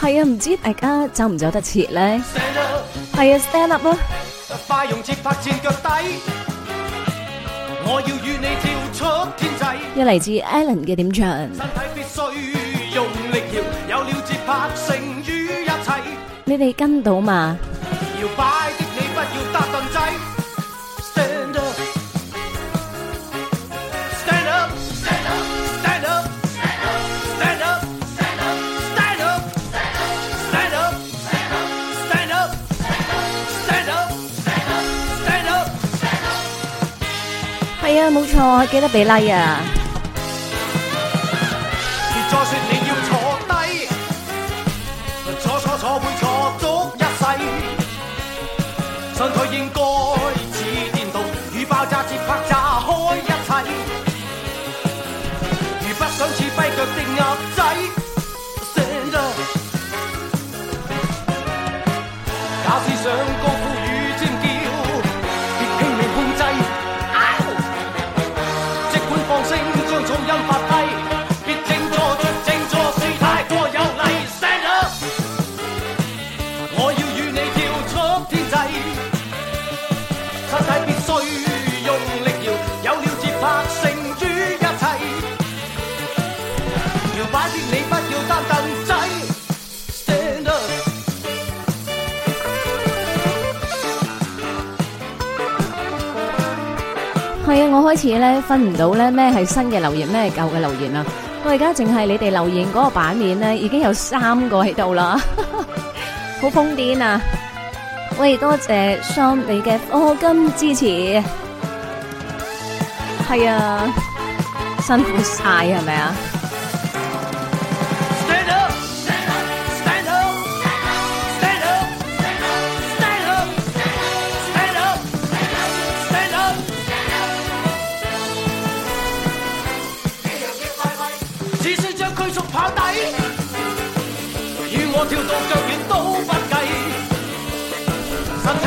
係啊，唔知大家走唔走得切咧？係啊，stand up 啊！又嚟自 Alan 嘅點唱。你哋跟到嘛？係啊，冇錯，記得俾 like 啊！開始咧分唔到咧，咩係新嘅留言，咩係舊嘅留言啊。我而家淨係你哋留言嗰個版面咧已經有三個喺度啦， 好瘋癲啊！喂，多謝桑你嘅課金支持，係、哎、啊，辛苦晒係咪啊？是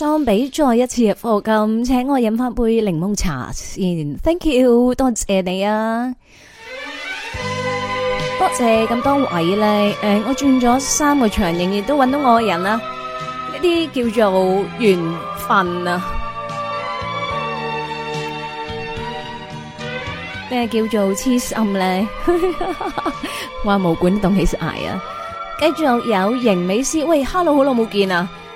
相比再一次入貨咁，請我飲翻杯檸檬茶先，thank you，多謝你啊，多謝咁多位咧。誒，我轉咗三個場，仍然都揾到我嘅人啦。呢啲叫做緣分啊。咩叫做痴心咧？話毛管戙起食捱啊。繼續有型美詩，喂，hello，好耐冇見啊。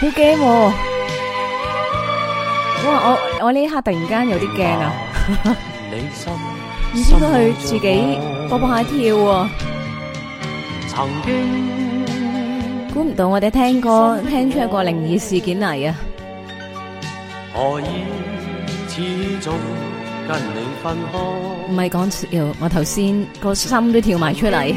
好驚！哇，我我呢刻突然間有啲驚啊，唔知道佢自己搏搏下跳啊！估唔到我哋聽歌聽出一個靈異事件嚟啊！唔係講笑，我頭先個心都跳埋出嚟。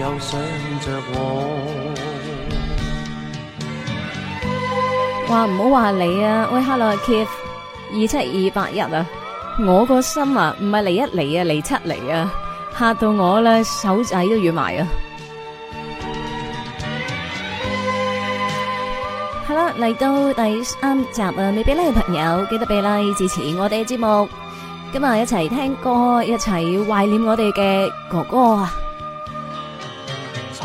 又想着我，話唔好話你啊！喂，Hello，Keith，二七二八一啊！我個心啊，唔係嚟一嚟啊，嚟七嚟啊，吓到我啦，手仔都軟埋啊！係啦，嚟 到第三集啊，未畀呢嘅朋友，記得畀 like 支持我哋嘅節目，今日、啊、一齊聽歌，一齊懷念我哋嘅哥哥啊！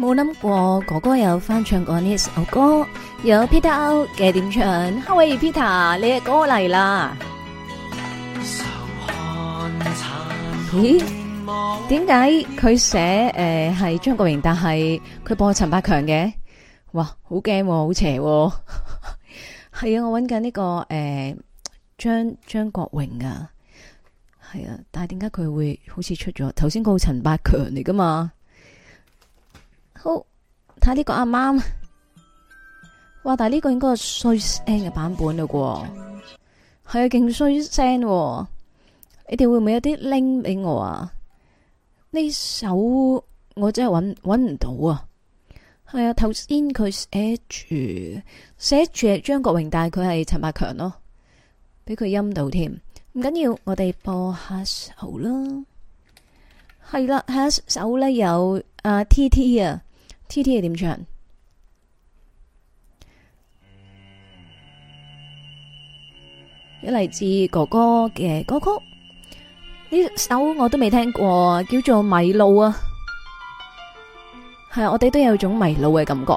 冇諗過哥哥有翻唱過呢首歌，有 Peter O 嘅點唱，Hello Peter，你嘅歌嚟啦？ 咦？點解佢寫誒係張國榮，但係佢播陳百強嘅？哇，好驚啊，好邪啊！係 啊，我揾緊呢個誒張張國榮啊，係啊，但係點解佢會好似出咗頭先嗰個陳百強嚟噶嘛？好睇呢個啱啱？哇！但係呢個應該係衰聲嘅版本嘞，喎係啊，勁衰聲，你哋會唔會有啲 link 俾我啊？呢首我真係揾揾唔到啊，係啊，頭先佢寫住寫住係張國榮，但係佢係陳百強咯，俾佢陰到添，唔緊要，我哋播下首啦，係啦，下一首咧有啊 T T 啊。T T 係點唱？一嚟自哥哥嘅歌曲，呢首我都未聽過，叫做迷路啊！係啊，我哋都有種迷路嘅感覺。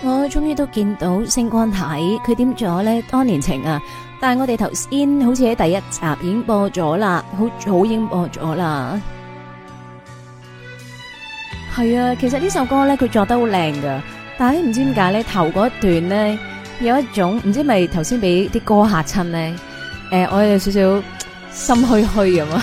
我終於都見到星光體，佢點咗咧？當年情啊！但係我哋頭先好似喺第一集已經播咗啦，好早已經播咗啦。係啊，其實呢首歌咧，佢作得好靚噶，但係唔知點解咧，頭嗰一段咧有一種唔知咪頭先俾啲歌吓親咧。誒，我有少少心虛虛咁啊！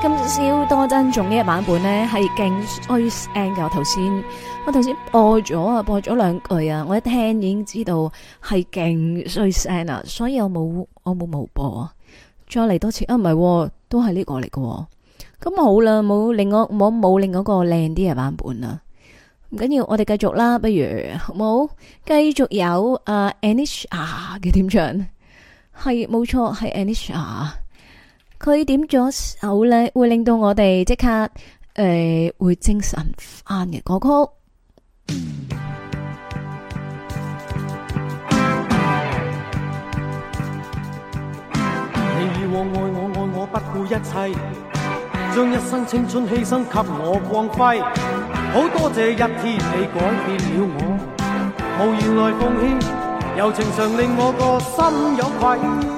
今朝多珍重呢個版本咧，係勁衰 d 噶。我頭先我頭先播咗啊，播咗兩句啊，我一聽已經知道係勁衰 d 啦，所以我冇我冇冇播。再嚟多次啊，唔係，哦，都係呢個嚟喎，哦。咁好啦，冇另外冇冇另外個靚啲嘅版本啦。唔緊要，我哋繼續啦，不如好冇？繼續有啊。Anisha 嘅點唱，係冇錯，係 Anisha。佢點咗手咧，會令到我哋即刻誒，會精神翻嘅歌曲。你以往愛我愛我不顧一切，將一生青春犧牲給我光輝，好多謝一天你改變了我，無言來奉獻，柔情常令我個心有愧。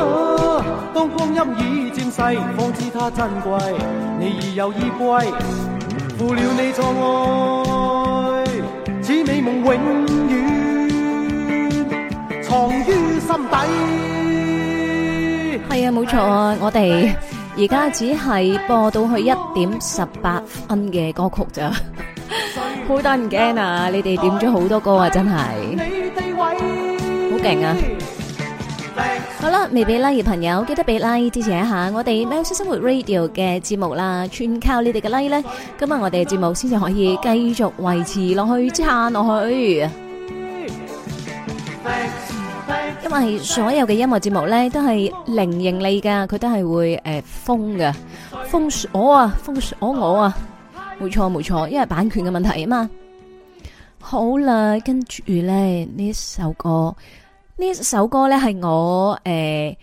啊、當光陰已漸逝，方知他珍貴，你而又已歸，負了你錯愛，似美夢永遠藏於心底。係啊，冇錯啊！我哋而家只係播到去一點十八分嘅歌曲咋？好得唔驚啊！你哋點咗好多歌啊，真係好勁啊！好啦，未俾 like 嘅朋友，記得俾 like 支持一下我哋 m s s 生活 radio 嘅節目啦，全靠你哋嘅 like 咧，今，今呢、欸、啊，我哋嘅節目先至可以繼續維持落去，撐落去。因為所有嘅音樂節目咧，都係零盈利噶，佢都係會誒封㗎，封鎖啊，封鎖我啊，冇錯冇錯，因為版權嘅問題啊嘛。好啦，跟住咧呢首歌。呢一首歌咧，係我誒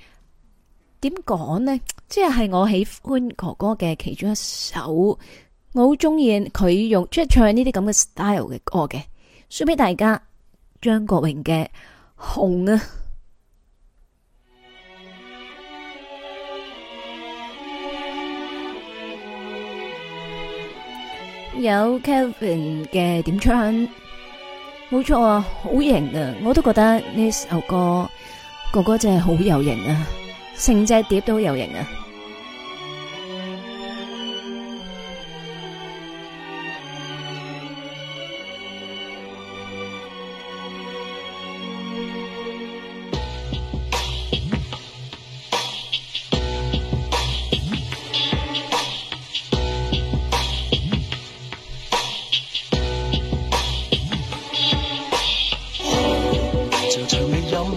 點講呢？即係我喜歡哥哥嘅其中一首，我好中意佢用即係唱呢啲咁嘅 style 嘅歌嘅，送俾大家張國榮嘅《紅》啊，有 Kevin 嘅點唱。冇錯啊，好型啊！我都覺得呢首歌哥哥真係好有型啊，成隻碟都好有型啊！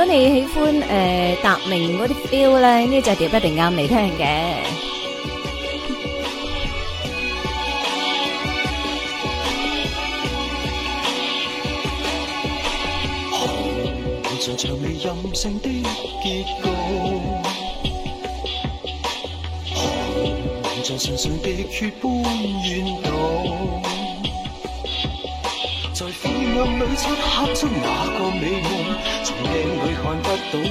如果你喜歡誒達明嗰啲 feel 咧，呢隻碟一定啱你聽嘅。可憐像場未完成的結局，可憐像唇上滴血般軟。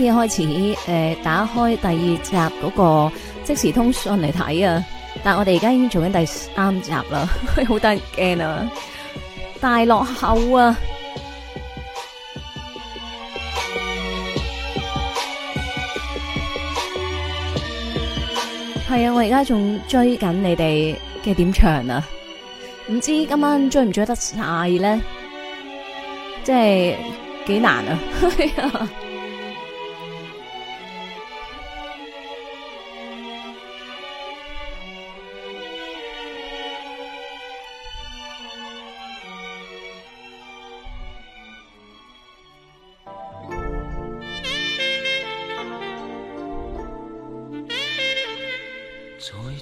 先開始，誒、呃，打開第二集嗰個即時通訊嚟睇啊！但係我哋而家已經做緊第三集啦，好 得人驚啊！大落後啊！係 啊，我而家仲追緊你哋嘅點唱啊！唔知今晚追唔追得晒咧？即係幾難啊！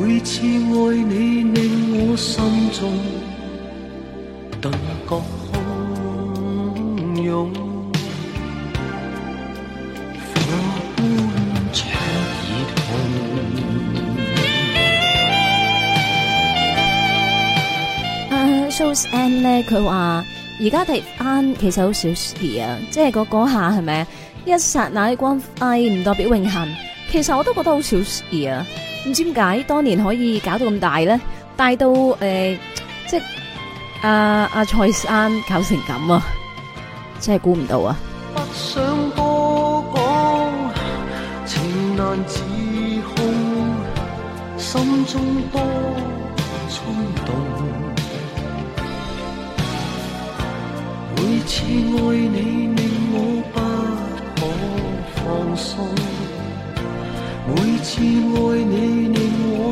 每次愛你令我心中呃 s、uh, o、so、u s c e n d 咧，佢話，而家睇翻其實好少事啊，即係個嗰下係咪一刹那光輝，唔代表永恆？其實我都覺得好少事啊。點解當年可以搞到咁大呢？大到誒、呃，即係阿阿蔡生搞成咁啊！真係估唔到啊！不想多講，情難自控，心中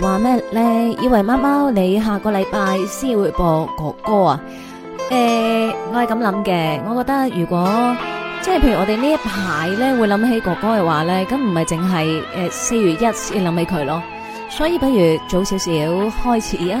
話咩咧？以為貓貓你下個禮拜先會播哥哥啊？誒、欸，我係咁諗嘅，我覺得如果即係譬如我哋呢一排咧會諗起哥哥嘅話咧，咁唔係淨係誒四月一先諗起佢咯，所以不如早少少開始啊！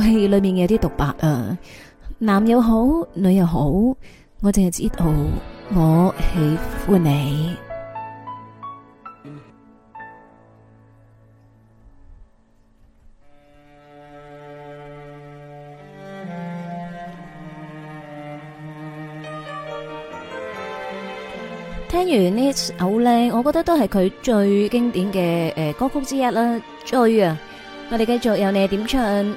戲裏面嘅啲獨白啊，男又好，女又好，我淨係知道我喜歡你。聽完呢首咧，我覺得都係佢最經典嘅誒歌曲之一啦。追啊，我哋繼續有你點唱。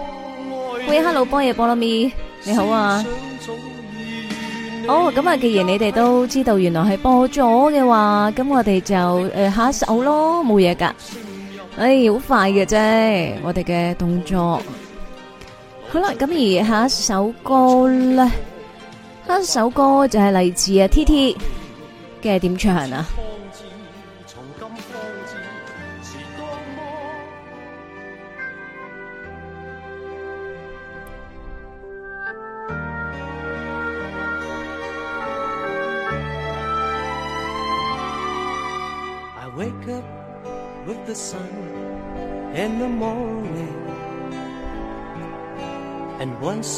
喂，Hello，Boy，Boy，你好啊！好，咁啊，既然你哋都知道原來係播咗嘅話，咁我哋就誒、uh, 下一首咯，冇嘢噶。哎，好快嘅啫，我哋嘅動作。好啦，咁而下一首歌咧，下一首歌就係嚟自啊 T T 嘅係點唱啊！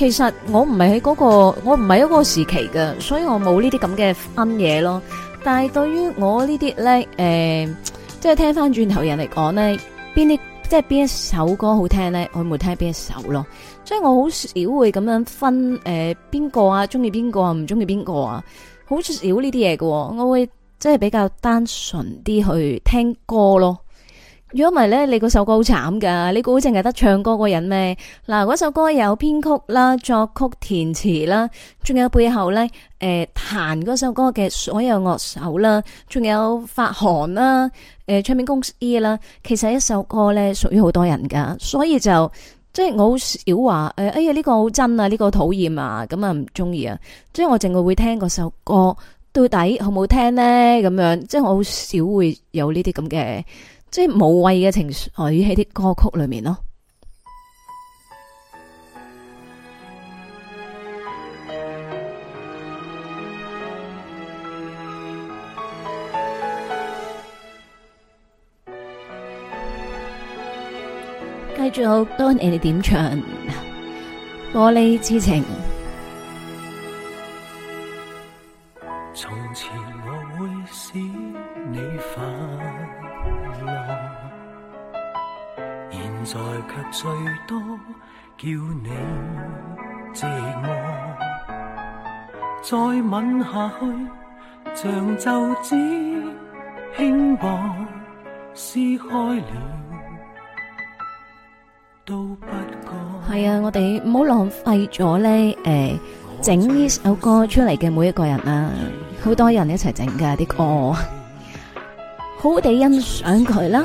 其實我唔係喺嗰個，我唔係一個時期嘅，所以我冇呢啲咁嘅分嘢咯。但係對於我這些呢啲咧，誒、呃，即係聽翻轉頭人嚟講咧，邊啲即係邊一首歌好聽咧，我會聽邊一首咯。所以我好少會咁樣分誒，邊個啊中意邊個啊，唔中意邊個啊，好、啊、少呢啲嘢嘅。我會即係比較單純啲去聽歌咯。如果唔係咧，你嗰首歌好慘噶。你估淨係得唱歌嗰人咩？嗱，嗰首歌有編曲啦、作曲填詞啦，仲有背後咧誒彈嗰首歌嘅所有樂手啦，仲有發行啦、誒、呃、唱片公司啦。其實一首歌咧屬於好多人噶，所以就即係、就是、我好少話誒哎呀呢、哎這個好真啊，呢、這個討厭啊，咁啊唔中意啊。即係我淨係會聽嗰首歌到底好唔好聽呢？咁樣即係、就是、我好少會有呢啲咁嘅。即係無謂嘅情緒喺啲歌曲裏面咯，繼續多謝你點唱《玻璃之情》。係啊，我哋唔好浪費咗呢，誒，整呢首歌出嚟嘅每一個人啊，好多人一齊整㗎啲歌，好好地欣賞佢啦。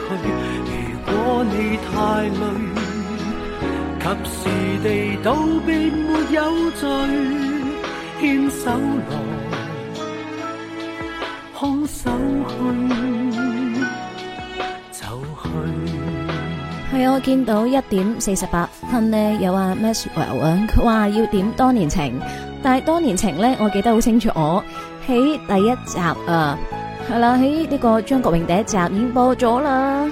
你太累及時地道別沒有罪牽手來空手去，走去係我見到一點四十八分呢，有阿 Maxwell 啊，佢話要點多年情，但係多年情咧，我記得好清楚我，我喺第一集啊，係啦，喺呢個張國榮第一集已經播咗啦。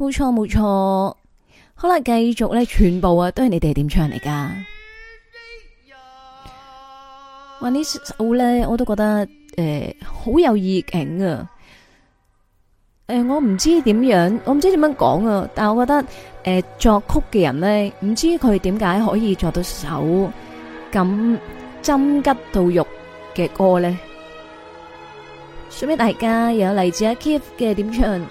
冇錯冇錯，好啦，繼續咧，全部啊都係你哋點唱嚟噶。話 呢首咧，我都覺得誒好、呃、有意境啊！誒、呃，我唔知點樣，我唔知點樣講啊，但係我覺得誒、呃、作曲嘅人咧，唔知佢點解可以作到首咁針拮到肉嘅歌咧。想畀 大家有嚟自阿 Keith 嘅點唱。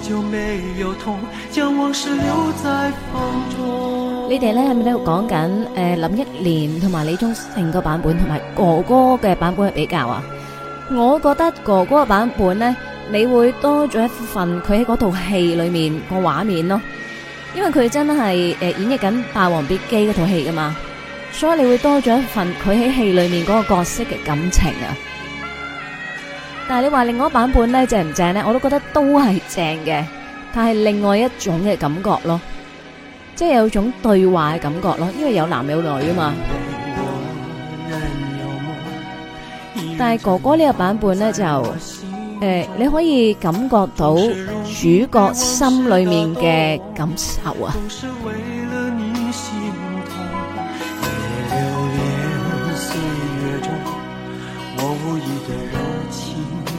就沒有痛，將往事留在風中。你哋咧係咪喺度講緊誒林憶蓮同埋李宗盛嘅版本，同埋哥哥嘅版本嘅比較啊？我覺得哥哥嘅版本咧，你會多咗一份佢喺嗰套戲裏面個畫面咯，因為佢真係誒、呃、演繹緊《霸王別姬》嗰套戲噶嘛，所以你會多咗一份佢喺戲裏面嗰個角色嘅感情啊。但係你話另外一版本咧正唔正咧？我都覺得都係正嘅，但係另外一種嘅感覺咯，即係有種對話嘅感覺咯，因為有男有女啊嘛。但係哥哥呢個版本咧就誒，你可以感覺到主角心裏面嘅感受啊。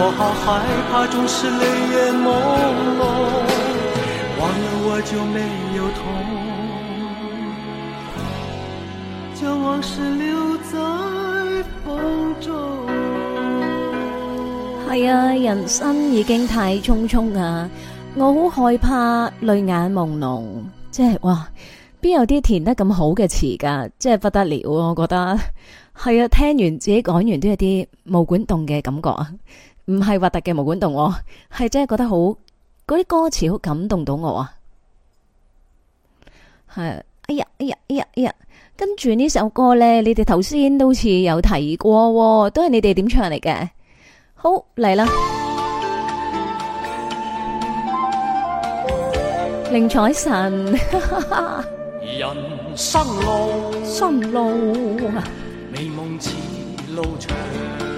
我好害怕，總是淚眼朦朧，忘了我就沒有痛，將往事留在風中。係啊，人生已經太匆匆啊，我好害怕淚眼朦朧，即係哇邊有啲填得咁好嘅詞㗎？即係不得了啊！我覺得係啊，聽完自己講完都有啲毛管動嘅感覺啊唔係核突嘅毛管動我，係真係覺得好，嗰啲歌詞好感動到我啊！係，哎呀，哎呀，哎呀，哎呀，跟住呢首歌咧，你哋頭先都似有提過，哦，都係你哋點唱嚟嘅。好嚟啦，寧采臣， 人生路，生路，美 夢似路長。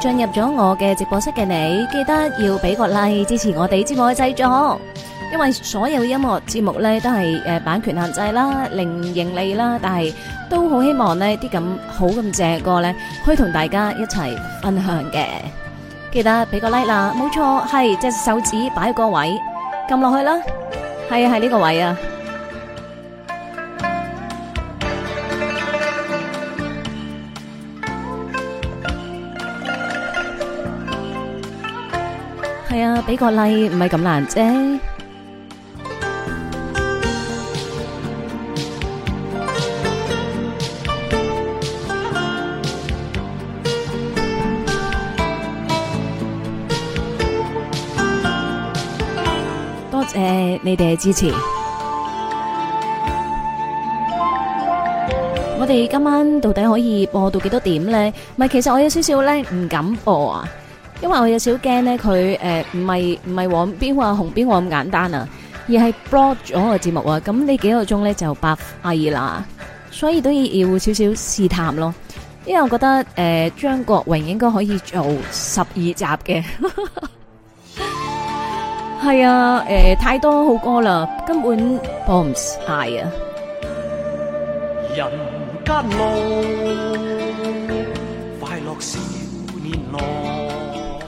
進入咗我嘅直播室嘅你，記得要俾個 like 支持我哋節目嘅製作，因為所有音樂節目咧都係誒版權限制啦，零盈利啦，但係都好希望呢啲咁好咁正嘅歌咧，可以同大家一齊分享嘅。記得俾個 like 啦，冇錯，係隻手指擺喺個位撳落去啦，係啊，係呢個位啊。俾個例唔係咁難啫，多謝你哋嘅支持。我哋今晚到底可以播到幾多點呢？唔係，其實我有少少咧唔敢播啊。因為我有少驚咧，佢誒唔係唔係黃邊話紅邊話咁簡單啊，而係 broadcast 咗個節目啊，咁呢幾個鐘咧就白戲啦，所以都要要少少試探咯。因為我覺得誒、呃、張國榮應該可以做十二集嘅，係 啊，誒、呃、太多好歌啦，根本不 o、哎、s s 嗌啊！人間路，快樂少年郎。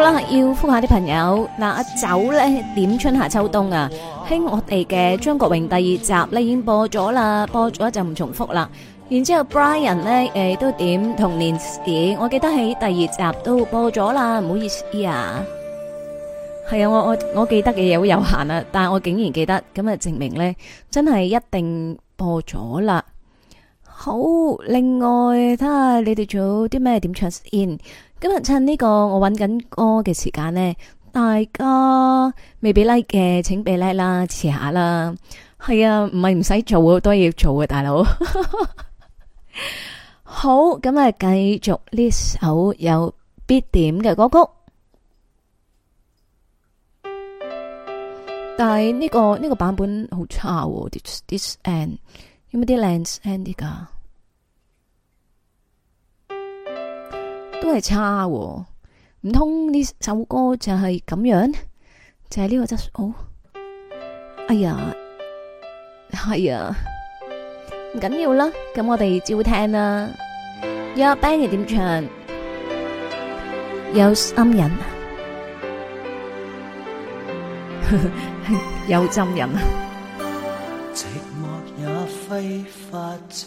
好啦，要覆下啲朋友嗱，酒咧點春夏秋冬啊！喺我哋嘅張國榮第二集咧已經播咗啦，播咗就唔重複啦。然之後 Brian 咧誒都點童年點？我記得喺第二集都播咗啦，唔好意思啊。係啊，我我我記得嘅嘢好有限啊，但係我竟然記得，咁啊證明咧真係一定播咗啦。好，另外睇下你哋做啲咩點唱 in。今日趁呢個我搵緊歌嘅時間呢，大家未俾 like 嘅請俾 like 啦，遲下啦。係啊，唔係唔使做好多嘢要做嘅，大佬。 好，咁啊，繼續呢首有必點嘅歌曲。 但係呢、這個呢、這個版本好差，啊、 ，this this end 有冇啲 l i n e n d 啲噶？都係差，唔通，呢首歌就係咁樣，就係、是、呢個質素、哦？哎呀，係、哎、啊，唔緊要啦，咁我哋照聽啦。有 Benny 又點唱？有心人， 有心人啊！寂寞也揮發著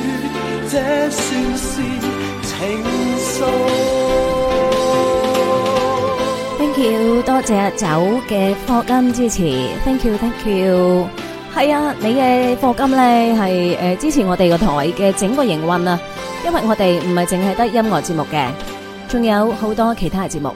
Thank you，多謝酒嘅課金支持，Thank you，Thank you，係 you 啊，你嘅課金咧，係誒支持我哋個台嘅整個營運啊，因為我哋唔係淨係得音樂節目嘅，仲有好多其他嘅節目。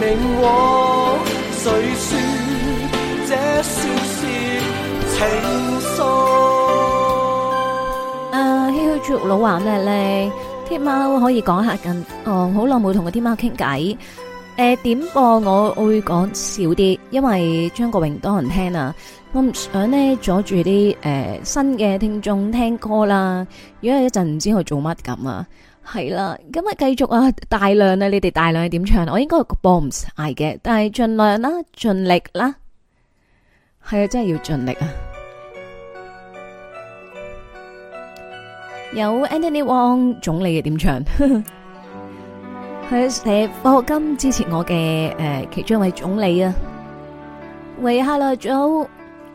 明我誰這說啊 l q 主播老話咩咧？天喵可以講下噶？哦，好耐冇同個天喵傾偈。誒、呃，點播我，我會講少啲，因為張國榮多人聽啊，我唔想呢阻住啲誒新嘅聽眾聽歌啦。如果一陣唔知佢做乜咁啊！係啦，今日繼續啊，大量啊，你哋大量係點唱？我應該個 Bombs 嗌嘅，但係盡量啦，盡力啦，係啊，真係要盡力啊！有 Anthony Wong 總理嘅點唱，佢係霍金支持我嘅誒，其中一位總理啊，喂，Hello 早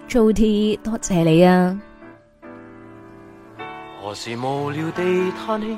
，Chuti 多謝你啊！何時無聊地嘆氣？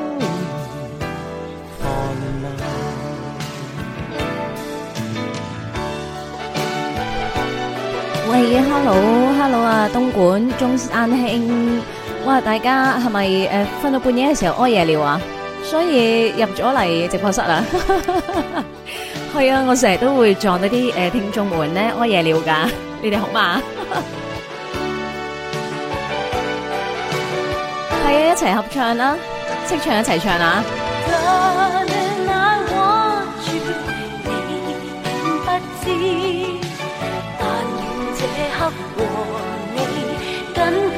喂，hello，hello 啊，Hello, Hello，東莞中山兄，哇，大家係咪誒瞓到半夜嘅時候屙夜尿啊？所以入咗嚟直播室啦，係 啊，我成日都會撞到啲誒聽眾們咧屙夜尿㗎，你哋好嘛？係 啊，一齊合唱啦，識唱一齊唱啊！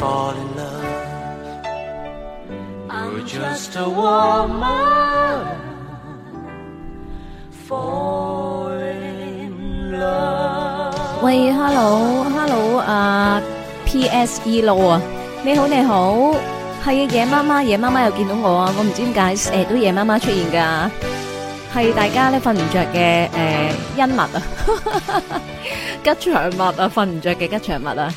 喂，Hello，Hello，啊 Hello、uh，P S E 佬啊，你好，你好，係、啊、夜媽媽，夜媽媽又見到我啊，我唔知點解，誒、呃，都夜媽媽出現噶，係大家咧瞓唔着嘅，誒、呃，恩物啊， 吉祥物啊，瞓唔着嘅吉祥物啊。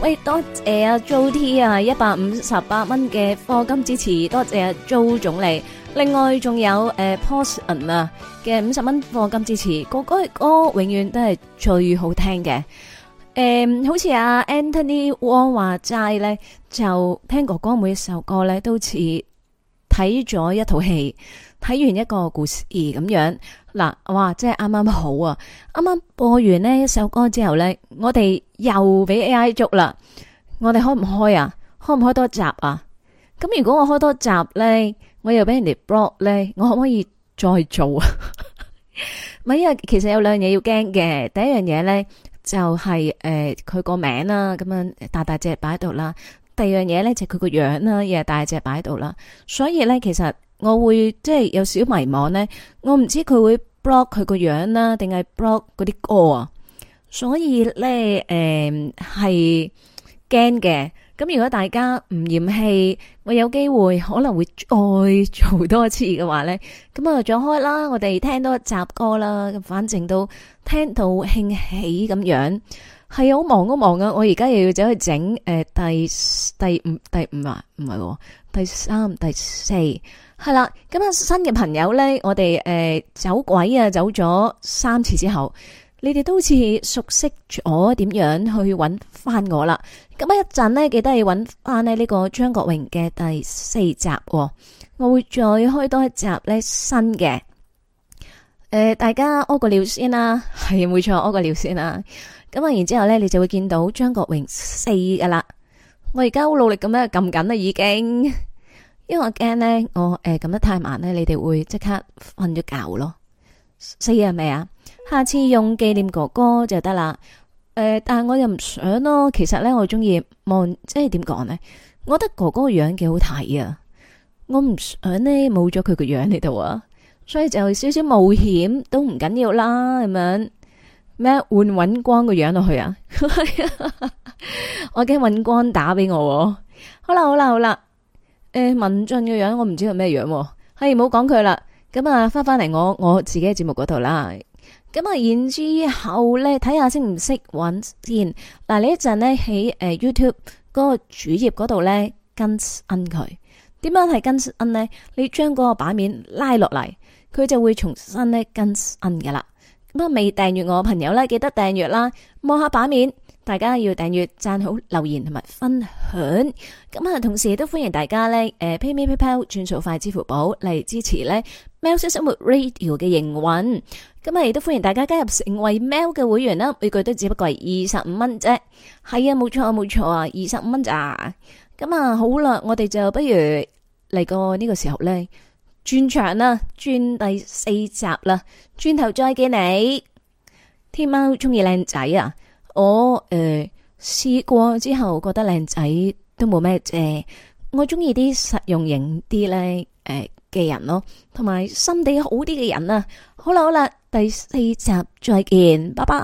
喂，多謝阿、啊、Jo T 啊，一百五十八蚊嘅課金支持，多謝阿、啊、Jo 總理。另外仲有誒，Pausen 啊嘅五十蚊課金支持，哥哥嘅歌永遠都係最好聽嘅。誒、嗯，好似阿、啊、Anthony Wong 話齋咧，就聽哥哥每一首歌咧，都似睇咗一套戲。睇完一個故事咁樣，嗱哇，哇，即係啱啱好啊！啱啱播完呢一首歌之後咧，我哋又俾 AI 捉啦。我哋開唔開啊？開唔開多集啊？咁如果我開多集咧，我又俾人哋 block 咧，我可唔可以再做啊？唔係，因為其實有兩樣嘢要驚嘅。第一樣嘢咧就係誒佢個名啦，咁樣大大隻擺喺度啦。第二呢、就係、樣嘢咧就係佢個樣啦，又係大，大隻擺喺度啦。所以咧，其實。我會即係有少迷茫咧，我唔知佢會 block 佢個樣啦，定係 block 嗰啲歌啊。所以咧，誒係驚嘅。咁如果大家唔嫌棄，我有機會可能會再做多次嘅話咧，咁啊，再開啦，我哋聽多一集歌啦。咁反正都聽到興起咁樣係好忙，都忙啊。我而家又要走去整誒，第第五第五啊，唔係第三第四。係啦，咁啊新嘅朋友咧，我哋誒、呃、走鬼啊走咗三次之後，你哋都好似熟悉咗點樣去搵翻我啦。咁啊一陣咧，記得去搵翻呢，呢個張國榮嘅第四集，哦。我會再開多一集咧新嘅。誒、呃，大家屙個尿先啦，係唔會錯屙個尿先啦。咁啊，然之後咧，你就會見到張國榮四噶啦。我而家好努力咁樣撳緊啦，已經。因為我驚咧，我誒咁得太慢咧，你哋會即刻瞓咗覺咯。所以係咪啊？下次用紀念哥哥就得啦。誒、呃，但係我又唔想咯。其實咧，我中意望，即係點講咧？我覺得哥哥個樣幾好睇啊！我唔想呢，冇咗佢個樣喺度啊，所以就少少冒險都唔緊要啦。咁樣咩？換尹光個樣落去啊？ 我驚尹光打俾我。好啦，好啦，好啦。誒，文進嘅樣，我唔知佢咩樣，係唔好講佢啦。咁啊，翻翻嚟我我自己嘅節目嗰度啦。咁啊，然之後咧，睇下識唔識搵先。嗱，你一陣咧喺誒 YouTube 嗰個主頁嗰度咧跟跟佢。點樣係跟跟咧？你將嗰個版面拉落嚟，佢就會重新咧跟跟噶啦。咁啊，未訂閱我嘅朋友咧，記得訂閱啦。望下版面。大家要訂閱、贊好、留言同埋分享，咁啊，同時都歡迎大家咧，誒，PayMe PayPal 轉數快，支付寶嚟支持咧。喵式生活 Radio 嘅營運，咁啊，亦都歡迎大家加入成為喵式嘅會員啦。每個月都只不過係二十五蚊啫，係啊，冇錯冇錯啊，二十五蚊咋。咁啊，好啦，我哋就不如嚟個呢個時候咧，轉場啦，轉第四集啦，轉頭再見你，天喵中意靚仔啊！我誒，試過之後覺得靚仔都冇咩誒，我中意啲實用型啲咧，誒，嘅人咯，同埋心地好啲嘅人啊！好啦好啦，第四集再見，拜拜。